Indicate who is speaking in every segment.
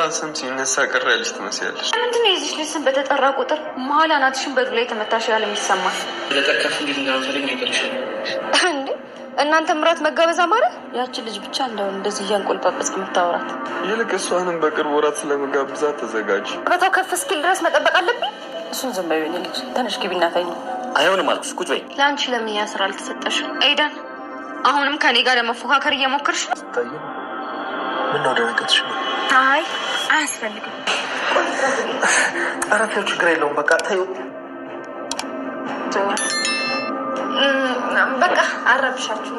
Speaker 1: ኖራ ስም ሲነሳ ቅር ያለች ትመስያለች።
Speaker 2: ምንድን ነው የዚች ልጅ ስም በተጠራ ቁጥር መሀል አናትሽን በዱላ የተመታሽ ያለም ይሰማል።
Speaker 3: ለጠካፍ እንዴት እንዳመሰለኝ ነገር
Speaker 2: ይሻል እናንተ ምራት መጋበዛ ማለት
Speaker 4: ያችን ልጅ ብቻ እንደሆን እንደዚህ እያንቆልጳጳስ የምታወራት
Speaker 5: ይልቅ እሷንም በቅርብ ወራት ስለመጋብዛት ተዘጋጅ።
Speaker 2: ቦታው ከፍ እስኪል ድረስ መጠበቅ አለብኝ።
Speaker 4: እሱን ዝም በይው። ልጅ ተነሽ ግቢና ተኝ።
Speaker 6: አይሆንም አልኩሽ። ቁጭ በይ።
Speaker 2: ለአንቺ ለምን ያ ስራ አልተሰጠሽም? ኤደን አሁንም ከኔ ጋር ለመፎካከር እየሞክርሽ ነው።
Speaker 5: ስታየ ምነው ደነገጥሽ?
Speaker 2: አይ አያስፈልግም።
Speaker 5: ኧረ ተይው፣ ችግር የለውም። በቃ ተይው፣
Speaker 2: በቃ አረብሻችሁ።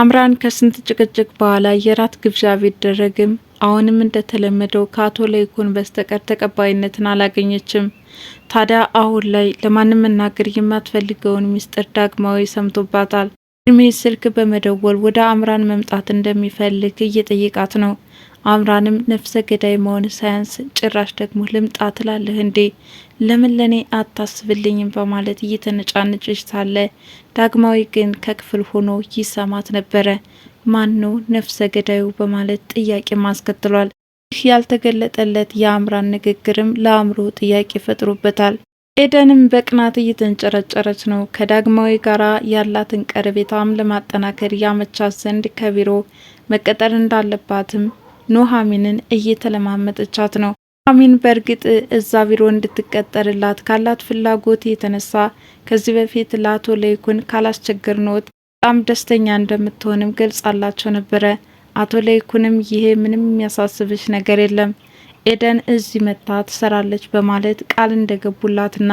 Speaker 7: አምራን ከስንት ጭቅጭቅ በኋላ የራት ግብዣ ቢደረግም አሁንም እንደተለመደው ከአቶ ለይኩን በስተቀር ተቀባይነትን አላገኘችም። ታዲያ አሁን ላይ ለማንም መናገር የማትፈልገውን ሚስጥር ዳግማዊ ሰምቶባታል። እድሜ ስልክ በመደወል ወደ አምራን መምጣት እንደሚፈልግ እየጠየቃት ነው። አምራንም ነፍሰ ገዳይ መሆን ሳያንስ ጭራሽ ደግሞ ልምጣ ትላለህ እንዴ? ለምን ለእኔ አታስብልኝም? በማለት እየተነጫነጨች ሳለ ዳግማዊ ግን ከክፍል ሆኖ ይሰማት ነበረ። ማኑ ነፍሰ ገዳዩ በማለት ጥያቄ ማስከትሏል። ይህ ያልተገለጠለት የአምራን ንግግርም ለአእምሮ ጥያቄ ፈጥሮበታል። ኤደንም በቅናት እየተንጨረጨረች ነው። ከዳግማዊ ጋር ያላትን ቀረቤታም ለማጠናከር ያመቻት ዘንድ ከቢሮ መቀጠር እንዳለባትም ኑሐሚንን እየተለማመጠቻት ነው። ኑሐሚን በእርግጥ እዛ ቢሮ እንድትቀጠርላት ካላት ፍላጎት የተነሳ ከዚህ በፊት ለአቶ ለይኩን ካላስቸግር ኖት በጣም ደስተኛ እንደምትሆንም ገልጻላቸው ነበረ። አቶ ለይኩንም ይሄ ምንም የሚያሳስብሽ ነገር የለም ኤደን እዚህ መታ ትሰራለች በማለት ቃል እንደገቡላትና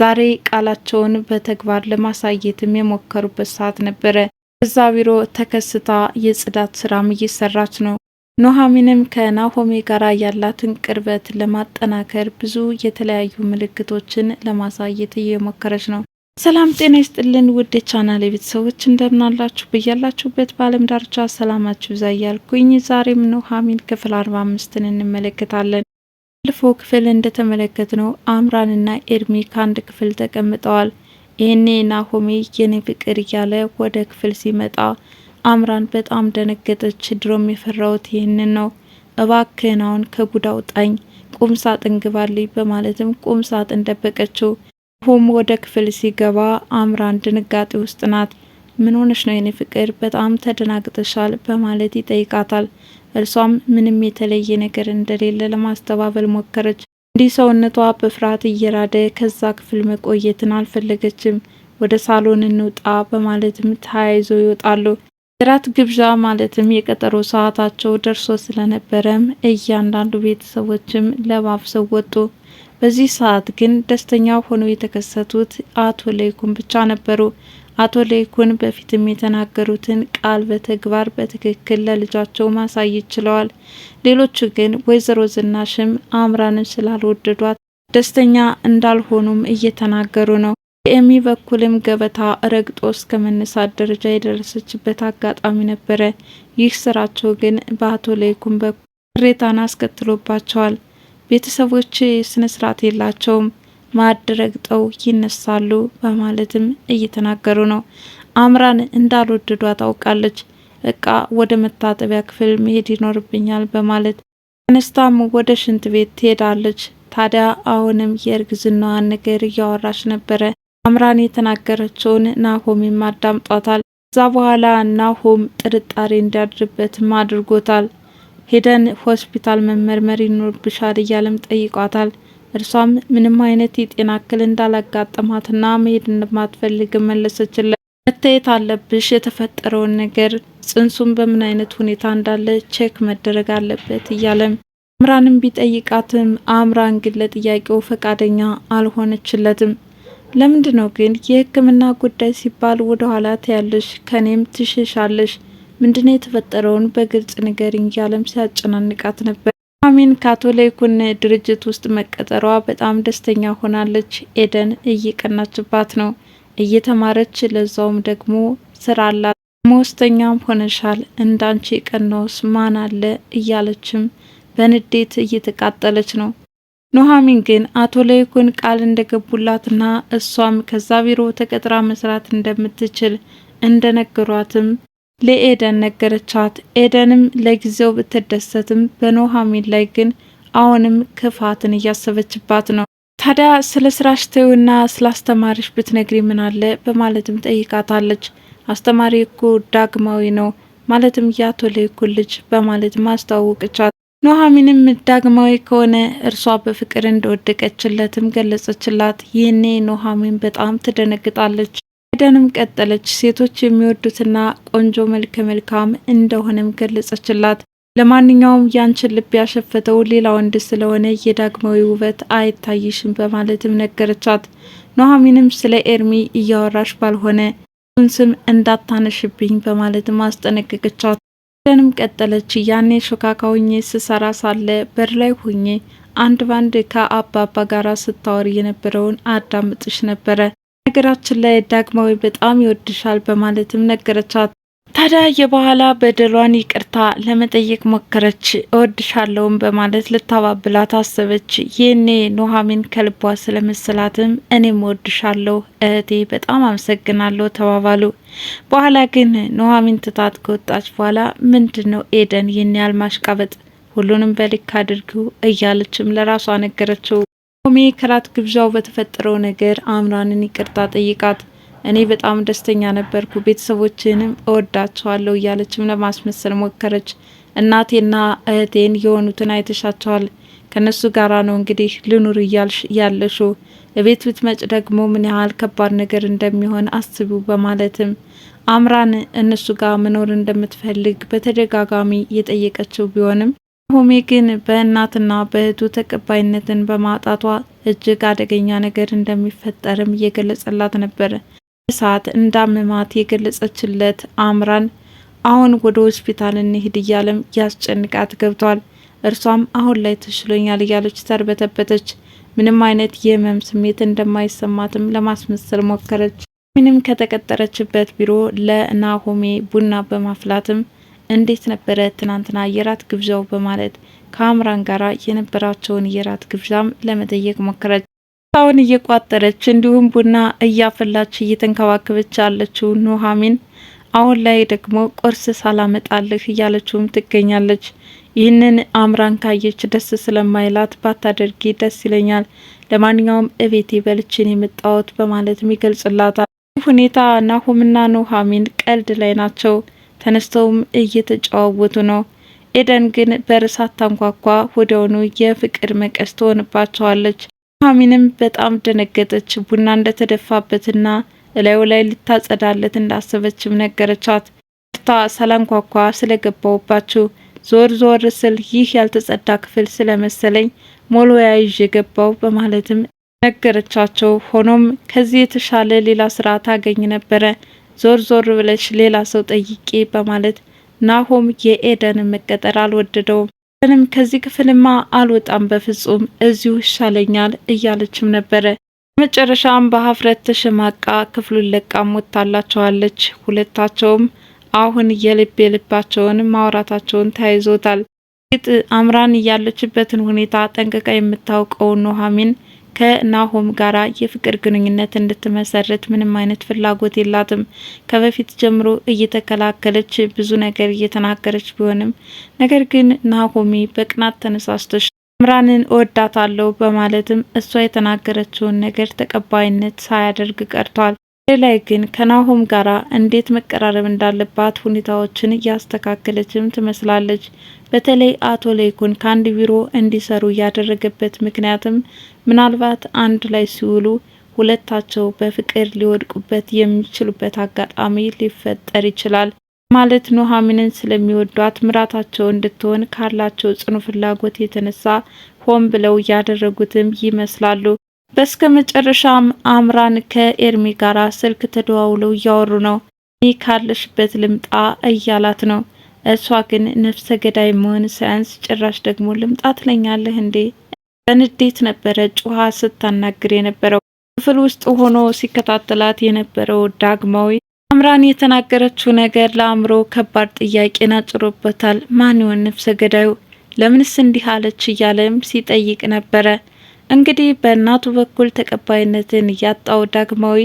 Speaker 7: ዛሬ ቃላቸውን በተግባር ለማሳየትም የሞከሩበት ሰዓት ነበረ። እዛ ቢሮ ተከስታ የጽዳት ስራም እየሰራች ነው። ኑሐሚንም ከናሆሜ ጋር ያላትን ቅርበት ለማጠናከር ብዙ የተለያዩ ምልክቶችን ለማሳየት እየሞከረች ነው። ሰላም ጤና ይስጥልን ውድ የቻናል የቤተሰቦች እንደምናላችሁ ብያላችሁበት በአለም ዳርቻ ሰላማችሁ ይብዛ እያልኩኝ ዛሬም ኑሐሚን ክፍል አርባ አምስትን እንመለከታለን። ባለፈው ክፍል እንደተመለከትነው አምራንና ኤርሚ ከአንድ ክፍል ተቀምጠዋል። ይህኔ ናሆሜ የኔ ፍቅር እያለ ወደ ክፍል ሲመጣ አምራን በጣም ደነገጠች። ድሮም የፈራሁት ይህንን ነው፣ እባክህን አሁን ጣኝ አውጣኝ፣ ቁም ሳጥን ግባልኝ በማለትም ቁም ሳጥን ደበቀችው። ሁም ወደ ክፍል ሲገባ አምራን ድንጋጤ ውስጥ ናት። ምን ሆነሽ ነው የኔ ፍቅር በጣም ተደናግጠሻል በማለት ይጠይቃታል። እርሷም ምንም የተለየ ነገር እንደሌለ ለማስተባበል ሞከረች። እንዲህ ሰውነቷ በፍርሃት እየራደ ከዛ ክፍል መቆየትን አልፈለገችም። ወደ ሳሎን እንውጣ በማለትም ተያይዞ ይወጣሉ። የራት ግብዣ ማለትም የቀጠሮ ሰዓታቸው ደርሶ ስለነበረም እያንዳንዱ ቤተሰቦችም ለባብሰው ወጡ። በዚህ ሰዓት ግን ደስተኛ ሆነው የተከሰቱት አቶ ለይኩን ብቻ ነበሩ። አቶ ለይኩን በፊትም የተናገሩትን ቃል በተግባር በትክክል ለልጃቸው ማሳየት ችለዋል። ሌሎቹ ግን ወይዘሮ ዝናሽም አምራንም ስላልወደዷት ደስተኛ እንዳልሆኑም እየተናገሩ ነው። የኤሚ በኩልም ገበታ ረግጦ እስከ መነሳት ደረጃ የደረሰችበት አጋጣሚ ነበረ። ይህ ስራቸው ግን በአቶ ለይኩን በኩል ቅሬታን አስከትሎባቸዋል። ቤተሰቦቼ ስነ ስርዓት የላቸውም ማድረግጠው ይነሳሉ በማለትም እየተናገሩ ነው። አምራን እንዳልወደዷ ታውቃለች። እቃ ወደ መታጠቢያ ክፍል መሄድ ይኖርብኛል በማለት ተነስታም ወደ ሽንት ቤት ትሄዳለች። ታዲያ አሁንም የእርግዝናዋን ነገር እያወራች ነበረ። አምራን የተናገረችውን ናሆምም አዳምጧታል። ከዛ በኋላ ናሆም ጥርጣሬ እንዲያድርበትም አድርጎታል። ሄደን ሆስፒታል መመርመር ይኖርብሻል እያለም ጠይቋታል። እርሷም ምንም አይነት የጤና እክል እንዳላጋጠማትና መሄድ እንደማትፈልግ መለሰችለት። መታየት አለብሽ፣ የተፈጠረውን ነገር ጽንሱም በምን አይነት ሁኔታ እንዳለ ቼክ መደረግ አለበት እያለም አምራንም ቢጠይቃትም አምራን ግን ለጥያቄው ፈቃደኛ አልሆነችለትም። ለምንድ ነው ግን የህክምና ጉዳይ ሲባል ወደ ኋላ ትያለሽ፣ ከኔም ትሽሻለሽ ምንድነው የተፈጠረውን በግልጽ ንገሪኝ እያለም ሲያጨናንቃት ነበር። ኑሐሚን ካቶሊኩን ድርጅት ውስጥ መቀጠሯ በጣም ደስተኛ ሆናለች። ኤደን እየቀናችባት ነው። እየተማረች ለዛውም ደግሞ ስራ አላት። ሞስተኛም ሆነሻል፣ እንዳንቺ ቀናውስ ማን አለ እያለችም በንዴት እየተቃጠለች ነው። ኑሐሚን ግን አቶ ለይኩን ቃል እንደገቡላትና እሷም ከዛ ቢሮ ተቀጥራ መስራት እንደምትችል እንደነገሯትም ለኤደን ነገረቻት። ኤደንም ለጊዜው ብትደሰትም በኑሐሚን ላይ ግን አሁንም ክፋትን እያሰበችባት ነው። ታዲያ ስለ ስራሽ ተይውና ስለ አስተማሪሽ ብትነግሪ ምን አለ በማለትም ጠይቃታለች። አስተማሪ እኮ ዳግማዊ ነው ማለትም የአቶ ለይኩን ልጅ በማለት ማስተዋወቅቻት። ኑሐሚንም ዳግማዊ ከሆነ እርሷ በፍቅር እንደወደቀችለትም ገለጸችላት። ይህኔ ኑሐሚን በጣም ትደነግጣለች። ኤደንም ቀጠለች። ሴቶች የሚወዱትና ቆንጆ መልከ መልካም እንደሆነም ገለጸችላት። ለማንኛውም ያንችን ልብ ያሸፈተው ሌላ ወንድ ስለሆነ የዳግማዊ ውበት አይታይሽም በማለትም ነገረቻት። ኑሐሚንም ስለ ኤርሚ እያወራሽ ባልሆነ ሁን ስም እንዳታነሽብኝ በማለትም አስጠነቀቀቻት። ኤደንም ቀጠለች። ያኔ ሾካካ ሆኜ ስሰራ ሳለ በር ላይ ሆኜ አንድ ባንድ ከአባባ ጋር ስታወር የነበረውን አዳምጥሽ ነበረ በነገራችን ላይ ዳግማዊ በጣም ይወድሻል በማለትም ነገረቻት። ታዲያ የበኋላ በደሏን ይቅርታ ለመጠየቅ ሞከረች። እወድሻለሁም በማለት ልታባብላት አሰበች። ይህኔ ኑሐሚን ከልቧ ስለመሰላትም እኔም እወድሻለሁ እህቴ፣ በጣም አመሰግናለሁ ተባባሉ። በኋላ ግን ኑሐሚን ትታት ከወጣች በኋላ ምንድን ነው ኤደን ይህን ያህል ማሽቃበጥ? ሁሉንም በልክ አድርጉ እያለችም ለራሷ ነገረችው። ሮሚ ከራት ግብዣው በተፈጠረው ነገር አምራንን ይቅርታ ጠይቃት እኔ በጣም ደስተኛ ነበርኩ፣ ቤተሰቦችንም እወዳቸዋለሁ እያለችም ለማስመሰል ሞከረች። እናቴና እህቴን የሆኑትን አይተሻቸዋል፣ ከነሱ ጋራ ነው እንግዲህ ልኑር እያለሹ ያለሹ። እቤት ብትመጭ ደግሞ ምን ያህል ከባድ ነገር እንደሚሆን አስቡ በማለትም አምራን እነሱ ጋር መኖር እንደምትፈልግ በተደጋጋሚ የጠየቀችው ቢሆንም ሆሜ ግን በእናትና በእህቱ ተቀባይነትን በማጣቷ እጅግ አደገኛ ነገር እንደሚፈጠርም እየገለጸላት ነበር። ሰዓት እንዳመማት የገለጸችለት አምራን አሁን ወደ ሆስፒታል እንሂድ እያለም ያስጨንቃት ገብቷል። እርሷም አሁን ላይ ተሽሎኛል እያለች ተርበተበተች። ምንም አይነት የህመም ስሜት እንደማይሰማትም ለማስመሰል ሞከረች። ምንም ከተቀጠረችበት ቢሮ ለናሆሜ ቡና በማፍላትም እንዴት ነበረ ትናንትና የራት ግብዣው በማለት ከአምራን ጋራ የነበራቸውን የራት ግብዣም ለመጠየቅ ሞከረች። ሳውን እየቋጠረች እንዲሁም ቡና እያፈላች እየተንከባከበች ያለችው ኑሐሚን አሁን ላይ ደግሞ ቁርስ ሳላመጣልህ እያለችውም ትገኛለች። ይህንን አምራን ካየች ደስ ስለማይላት ባታደርጊ ደስ ይለኛል፣ ለማንኛውም እቤቴ በልችን የመጣወት በማለትም ይገልጽላታል። ሁኔታ ናሁምና ኑሐሚን ቀልድ ላይ ናቸው። ተነስተውም እየተጨዋወቱ ነው። ኤደን ግን በርሳት ታንኳኳ፣ ወዲያውኑ የፍቅር መቀስ ትሆንባቸዋለች። ኑሐሚንም በጣም ደነገጠች። ቡና እንደተደፋበትና እላዩ ላይ ልታጸዳለት እንዳሰበችም ነገረቻት። ታ ሳላንኳኳ ስለገባውባችሁ ዞር ዞር ስል ይህ ያልተጸዳ ክፍል ስለመሰለኝ ሞልወያ ይዤ ገባው በማለትም ነገረቻቸው። ሆኖም ከዚህ የተሻለ ሌላ ስራ ታገኝ ነበረ ዞር ዞር ብለሽ ሌላ ሰው ጠይቂ በማለት ናሆም የኤደንን መቀጠር አልወደደውም። ኤደንም ከዚህ ክፍልማ አልወጣም በፍጹም እዚሁ ይሻለኛል እያለችም ነበረ። በመጨረሻም በሀፍረት ተሸማቃ ክፍሉን ለቃም ወጥታላቸዋለች። ሁለታቸውም አሁን የልብ የልባቸውን ማውራታቸውን ተያይዞታል። ግጥ አምራን እያለችበትን ሁኔታ ጠንቅቃ የምታውቀው ኑሐሚን ከናሆም ጋራ የፍቅር ግንኙነት እንድትመሰርት ምንም አይነት ፍላጎት የላትም። ከበፊት ጀምሮ እየተከላከለች ብዙ ነገር እየተናገረች ቢሆንም ነገር ግን ናሆሚ በቅናት ተነሳስተች እምራንን እወዳታለሁ በማለትም እሷ የተናገረችውን ነገር ተቀባይነት ሳያደርግ ቀርቷል። ላይ ግን ከናሆም ጋራ እንዴት መቀራረብ እንዳለባት ሁኔታዎችን እያስተካከለችም ትመስላለች። በተለይ አቶ ለይኩን ከአንድ ቢሮ እንዲሰሩ ያደረገበት ምክንያትም ምናልባት አንድ ላይ ሲውሉ ሁለታቸው በፍቅር ሊወድቁበት የሚችሉበት አጋጣሚ ሊፈጠር ይችላል ማለት ኑሐሚንን ስለሚወዷት ምራታቸው እንድትሆን ካላቸው ጽኑ ፍላጎት የተነሳ ሆን ብለው ያደረጉትም ይመስላሉ። በስከ መጨረሻም አምራን ከኤርሚ ጋር ስልክ ተደዋውለው እያወሩ ነው። እኔ ካለሽበት ልምጣ እያላት ነው። እሷ ግን ነፍሰ ገዳይ መሆን ሳያንስ ጭራሽ ደግሞ ልምጣ ለኛለህ እንዴ? በንዴት ነበረ ጩኸ ስታናግር የነበረው። ክፍል ውስጥ ሆኖ ሲከታተላት የነበረው ዳግማዊ አምራን የተናገረችው ነገር ለአእምሮ ከባድ ጥያቄ አጭሮበታል። ማን ይሆን ነፍሰ ገዳዩ? ለምንስ እንዲህ አለች እያለም ሲጠይቅ ነበረ። እንግዲህ በእናቱ በኩል ተቀባይነትን ያጣው ዳግማዊ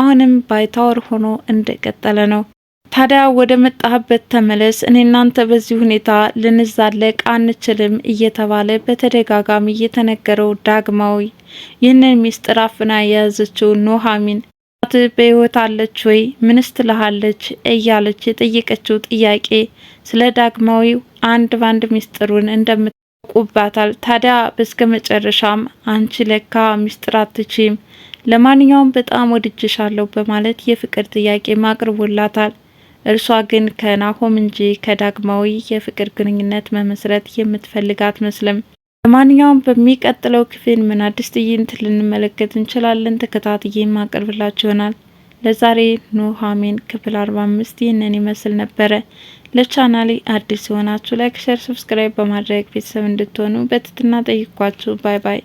Speaker 7: አሁንም ባይታወር ሆኖ እንደቀጠለ ነው። ታዲያ ወደ መጣህበት ተመለስ፣ እኔ እናንተ በዚህ ሁኔታ ልንዛለቅ አንችልም እየተባለ በተደጋጋሚ እየተነገረው ዳግማዊ ይህንን ሚስጥር አፍና የያዘችው ኑሐሚን በህይወት አለች ወይ ምንስ ትልሃለች እያለች የጠየቀችው ጥያቄ ስለ ዳግማዊው አንድ ባንድ ሚስጥሩን እንደምታውቁባታል። ታዲያ በስከ መጨረሻም አንቺ ለካ ሚስጥር አትችም፣ ለማንኛውም በጣም ወድጅሻለሁ በማለት የፍቅር ጥያቄ ማቅርቦላታል። እርሷ ግን ከናሆም እንጂ ከዳግማዊ የፍቅር ግንኙነት መመስረት የምትፈልግ አትመስልም። ለማንኛውም በሚቀጥለው ክፍል ምን አዲስ ትዕይንት ልንመለከት እንችላለን? ተከታትዬ ማቀርብላችሁ ይሆናል። ለዛሬ ኑሃሚን ክፍል 45 ይህንን ይመስል ነበረ። ለቻናሌ አዲስ የሆናችሁ ላይክ፣ ሸር፣ ሰብስክራይብ በማድረግ ቤተሰብ እንድትሆኑ በትህትና ጠይቋችሁ። ባይ ባይ።